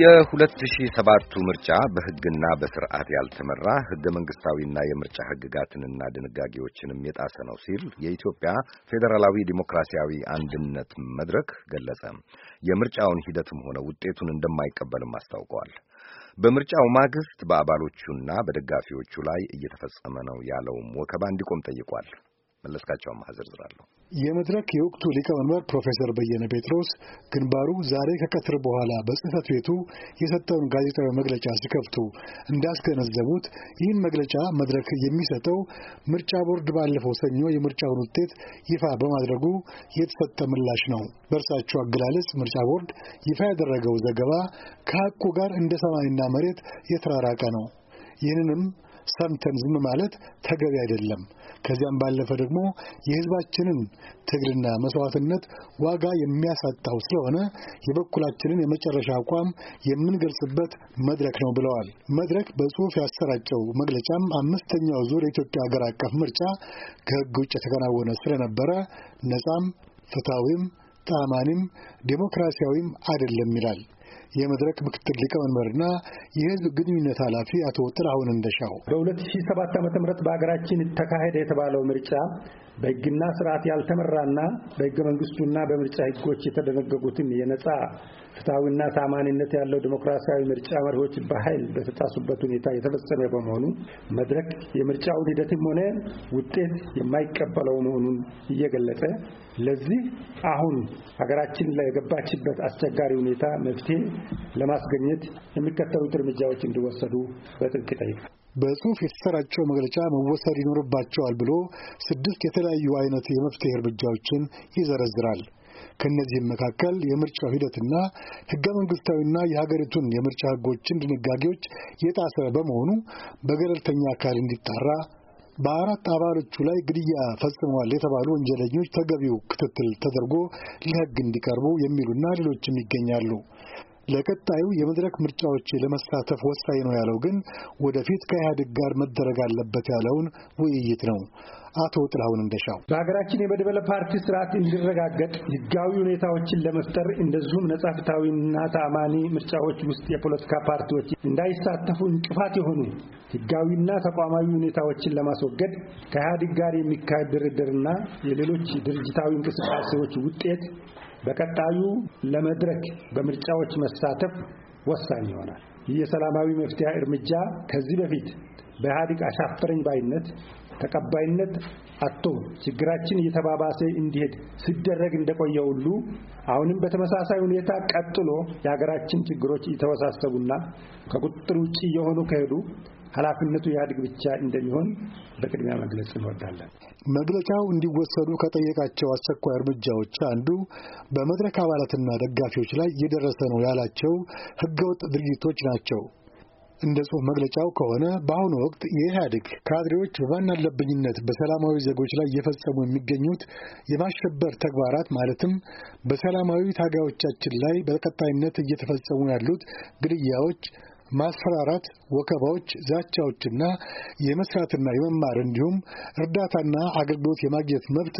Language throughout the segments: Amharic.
የ 2007 ምርጫ በሕግና በስርዓት ያልተመራ ሕገ መንግስታዊና የምርጫ ሕግጋትንና ድንጋጌዎችንም የጣሰ ነው ሲል የኢትዮጵያ ፌዴራላዊ ዲሞክራሲያዊ አንድነት መድረክ ገለጸ። የምርጫውን ሂደትም ሆነ ውጤቱን እንደማይቀበልም አስታውቀዋል። በምርጫው ማግስት በአባሎቹና በደጋፊዎቹ ላይ እየተፈጸመ ነው ያለውም ወከባ እንዲቆም ጠይቋል። መለስካቸው አማረ ዝርዝራለሁ። የመድረክ የወቅቱ ሊቀመንበር ፕሮፌሰር በየነ ጴጥሮስ ግንባሩ ዛሬ ከቀትር በኋላ በጽህፈት ቤቱ የሰጠውን ጋዜጣዊ መግለጫ ሲከፍቱ እንዳስገነዘቡት ይህን መግለጫ መድረክ የሚሰጠው ምርጫ ቦርድ ባለፈው ሰኞ የምርጫውን ውጤት ይፋ በማድረጉ የተሰጠ ምላሽ ነው። በእርሳቸው አገላለጽ ምርጫ ቦርድ ይፋ ያደረገው ዘገባ ከሐቁ ጋር እንደ ሰማይና መሬት የተራራቀ ነው። ይህንንም ሰምተን ዝም ማለት ተገቢ አይደለም። ከዚያም ባለፈ ደግሞ የሕዝባችንን ትግልና መስዋዕትነት ዋጋ የሚያሳጣው ስለሆነ የበኩላችንን የመጨረሻ አቋም የምንገልጽበት መድረክ ነው ብለዋል። መድረክ በጽሁፍ ያሰራጨው መግለጫም አምስተኛው ዙር የኢትዮጵያ ሀገር አቀፍ ምርጫ ከህግ ውጭ የተከናወነ ስለነበረ ነፃም፣ ፍትሐዊም፣ ተአማኒም ዴሞክራሲያዊም አይደለም ይላል። የመድረክ ምክትል ሊቀመንበርና የህዝብ ግንኙነት ኃላፊ አቶ ጥላሁን እንደሻው በ2007 ዓ.ም በሀገራችን ተካሄደ የተባለው ምርጫ በህግና ስርዓት ያልተመራና በህገ መንግስቱና በምርጫ ህጎች የተደነገጉትን የነጻ ፍትሐዊና ታማኒነት ያለው ዲሞክራሲያዊ ምርጫ መሪዎች በኃይል በተጣሱበት ሁኔታ የተፈጸመ በመሆኑ መድረክ የምርጫውን ሂደትም ሆነ ውጤት የማይቀበለው መሆኑን እየገለጸ ለዚህ አሁን ሀገራችን ለገባችበት አስቸጋሪ ሁኔታ መፍትሄ ለማስገኘት የሚከተሉት እርምጃዎች እንዲወሰዱ በጥብቅ ጠይቃል። በጽሁፍ የተሰራጨው መግለጫ መወሰድ ይኖርባቸዋል ብሎ ስድስት የተለያዩ አይነት የመፍትሄ እርምጃዎችን ይዘረዝራል። ከእነዚህም መካከል የምርጫው ሂደትና ህገ መንግስታዊና የሀገሪቱን የምርጫ ህጎችን ድንጋጌዎች የጣሰ በመሆኑ በገለልተኛ አካል እንዲጣራ፣ በአራት አባሎቹ ላይ ግድያ ፈጽመዋል የተባሉ ወንጀለኞች ተገቢው ክትትል ተደርጎ ለህግ እንዲቀርቡ የሚሉና ሌሎችም ይገኛሉ። ለቀጣዩ የመድረክ ምርጫዎች ለመሳተፍ ወሳኝ ነው ያለው ግን ወደፊት ከኢህአዴግ ጋር መደረግ አለበት ያለውን ውይይት ነው። አቶ ጥላሁን እንደሻው በሀገራችን የመድበለ ፓርቲ ስርዓት እንዲረጋገጥ ህጋዊ ሁኔታዎችን ለመፍጠር እንደዚሁም ነጻ ፍትሐዊና ተአማኒ ምርጫዎች ውስጥ የፖለቲካ ፓርቲዎች እንዳይሳተፉ እንቅፋት የሆኑ ህጋዊና ተቋማዊ ሁኔታዎችን ለማስወገድ ከኢህአዴግ ጋር የሚካሄድ ድርድርና የሌሎች ድርጅታዊ እንቅስቃሴዎች ውጤት በቀጣዩ ለመድረክ በምርጫዎች መሳተፍ ወሳኝ ይሆናል። ይህ የሰላማዊ መፍትሄ እርምጃ ከዚህ በፊት በኢህአዴግ አሻፈረኝ ባይነት ተቀባይነት አቶ ችግራችን እየተባባሰ እንዲሄድ ሲደረግ እንደቆየ ሁሉ አሁንም በተመሳሳይ ሁኔታ ቀጥሎ የሀገራችን ችግሮች እየተወሳሰቡና ከቁጥጥር ውጭ እየሆኑ ከሄዱ ኃላፊነቱ ኢህአዴግ ብቻ እንደሚሆን በቅድሚያ መግለጽ እንወዳለን። መግለጫው እንዲወሰዱ ከጠየቃቸው አስቸኳይ እርምጃዎች አንዱ በመድረክ አባላትና ደጋፊዎች ላይ እየደረሰ ነው ያላቸው ህገወጥ ድርጊቶች ናቸው። እንደ ጽሑፍ መግለጫው ከሆነ በአሁኑ ወቅት የኢህአዴግ ካድሬዎች በማናለብኝነት በሰላማዊ ዜጎች ላይ እየፈጸሙ የሚገኙት የማሸበር ተግባራት ማለትም በሰላማዊ ታጋዮቻችን ላይ በቀጣይነት እየተፈጸሙ ያሉት ግድያዎች ማስፈራራት፣ ወከባዎች፣ ዛቻዎችና የመስራትና የመማር እንዲሁም እርዳታና አገልግሎት የማግኘት መብት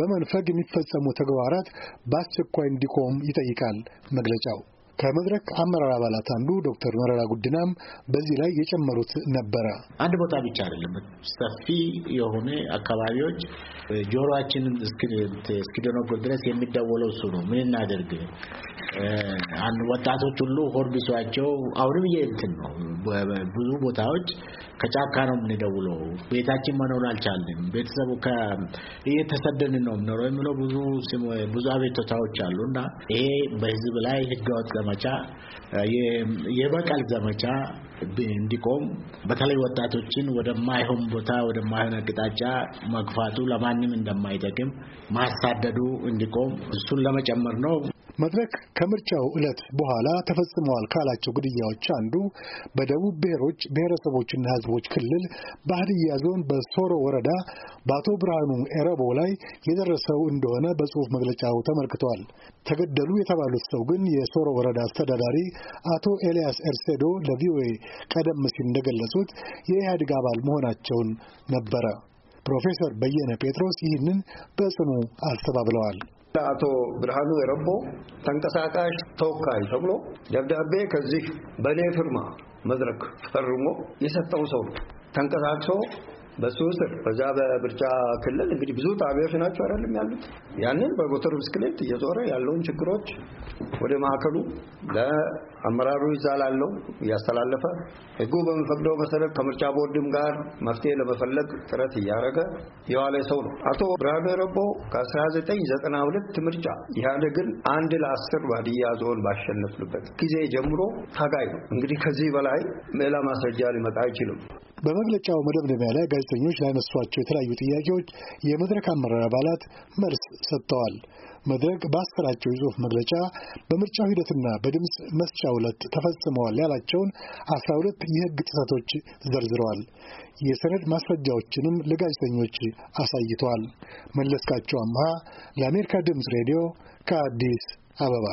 በመንፈግ የሚፈጸሙ ተግባራት በአስቸኳይ እንዲቆም ይጠይቃል መግለጫው። ከመድረክ አመራር አባላት አንዱ ዶክተር መረራ ጉድናም በዚህ ላይ የጨመሩት ነበረ። አንድ ቦታ ብቻ አይደለም፣ ሰፊ የሆነ አካባቢዎች ጆሮአችን እስኪደነጎል ድረስ የሚደወለው እሱ ነው። ምን እናደርግ? ወጣቶች ሁሉ ሆርቢሷቸው አሁንም የእንትን ነው ብዙ ቦታዎች ከጫካ ነው የምንደውለው። ቤታችን መኖር አልቻልንም። ቤተሰቡ እየተሰደን ነው የምኖረው የሚለው ብዙ ብዙ አቤቶታዎች አሉ እና ይሄ በህዝብ ላይ ህገወጥ ዘመቻ የበቀል ዘመቻ እንዲቆም በተለይ ወጣቶችን ወደማይሆን ቦታ ወደማይሆን አቅጣጫ መግፋቱ ለማንም እንደማይጠቅም ማሳደዱ እንዲቆም እሱን ለመጨመር ነው። መድረክ ከምርጫው ዕለት በኋላ ተፈጽመዋል ካላቸው ግድያዎች አንዱ በደቡብ ብሔሮች ብሔረሰቦችና ሕዝቦች ክልል በሀድያ ዞን በሶሮ ወረዳ በአቶ ብርሃኑ ኤረቦ ላይ የደረሰው እንደሆነ በጽሑፍ መግለጫው ተመልክቷል። ተገደሉ የተባሉት ሰው ግን የሶሮ ወረዳ አስተዳዳሪ አቶ ኤልያስ ኤርሴዶ ለቪኦኤ ቀደም ሲል እንደገለጹት የኢህአዴግ አባል መሆናቸውን ነበረ። ፕሮፌሰር በየነ ጴጥሮስ ይህንን በጽኑ አስተባብለዋል። አቶ ብርሃኑ የረቦ ተንቀሳቃሽ ተወካይ ተብሎ ደብዳቤ ከዚህ በእኔ ፍርማ መድረክ ፈርሞ የሰጠው ሰው ነው። ተንቀሳቅሶ በሱ ስር በዛ በምርጫ ክልል እንግዲህ ብዙ ጣቢያዎች ናቸው አይደለም ያሉት። ያንን በሞተር ብስክሌት እየዞረ ያለውን ችግሮች ወደ ማዕከሉ ለአመራሩ ይዛላለው እያስተላለፈ ህጉ በሚፈቅደው መሰረት ከምርጫ ቦርድም ጋር መፍትሄ ለመፈለግ ጥረት እያደረገ የዋለ ሰው ነው አቶ ብርሃነ ረቦ ከ1992 ምርጫ ኢህአዴግን አንድ ለአስር ባድያ ዞን ባሸነፍንበት ጊዜ ጀምሮ ታጋይ ነው። እንግዲህ ከዚህ በላይ ሌላ ማስረጃ ሊመጣ አይችልም። በመግለጫው መደምደሚያ ላይ ጋዜጠኞች ላነሷቸው የተለያዩ ጥያቄዎች የመድረክ አመራር አባላት መልስ ሰጥተዋል። መድረክ በአሰራቸው የጽሁፍ መግለጫ በምርጫው ሂደትና በድምፅ መስጫ ዕለት ተፈጽመዋል ያላቸውን አስራ ሁለት የህግ ጥሰቶች ዘርዝረዋል። የሰነድ ማስረጃዎችንም ለጋዜጠኞች አሳይተዋል። መለስካቸው አምሃ ለአሜሪካ ድምፅ ሬዲዮ ከአዲስ አበባ